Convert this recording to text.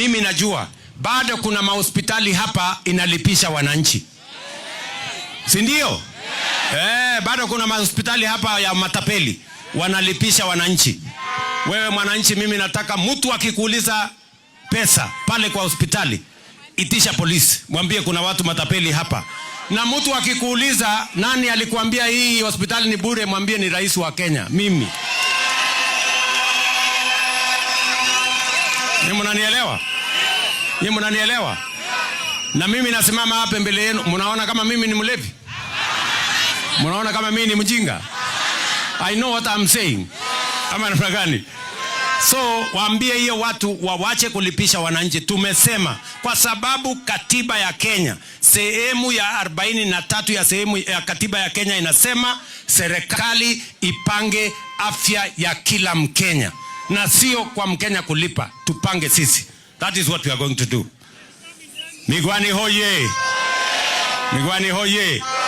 Mimi najua bado kuna mahospitali hapa inalipisha wananchi, si ndio? Eh, bado kuna mahospitali hapa ya matapeli wanalipisha wananchi. Wewe mwananchi, mimi nataka mtu akikuuliza pesa pale kwa hospitali, itisha polisi, mwambie kuna watu matapeli hapa. Na mtu akikuuliza nani alikuambia hii hospitali ni bure, mwambie ni rais wa Kenya. Mimi ni mnanielewa? Nyinyi mnanielewa? Na mimi nasimama hapa mbele yenu, mnaona kama mimi ni mlevi? Mnaona kama mimi ni mjinga? I know what I'm saying. Ama namna gani? So waambie hiyo watu wawache kulipisha wananchi. Tumesema kwa sababu katiba ya Kenya sehemu ya arobaini na tatu ya sehemu ya katiba ya Kenya inasema serikali ipange afya ya kila Mkenya na sio kwa Mkenya kulipa, tupange sisi. That is what we are going to do. Migwani hoye! Migwani hoye!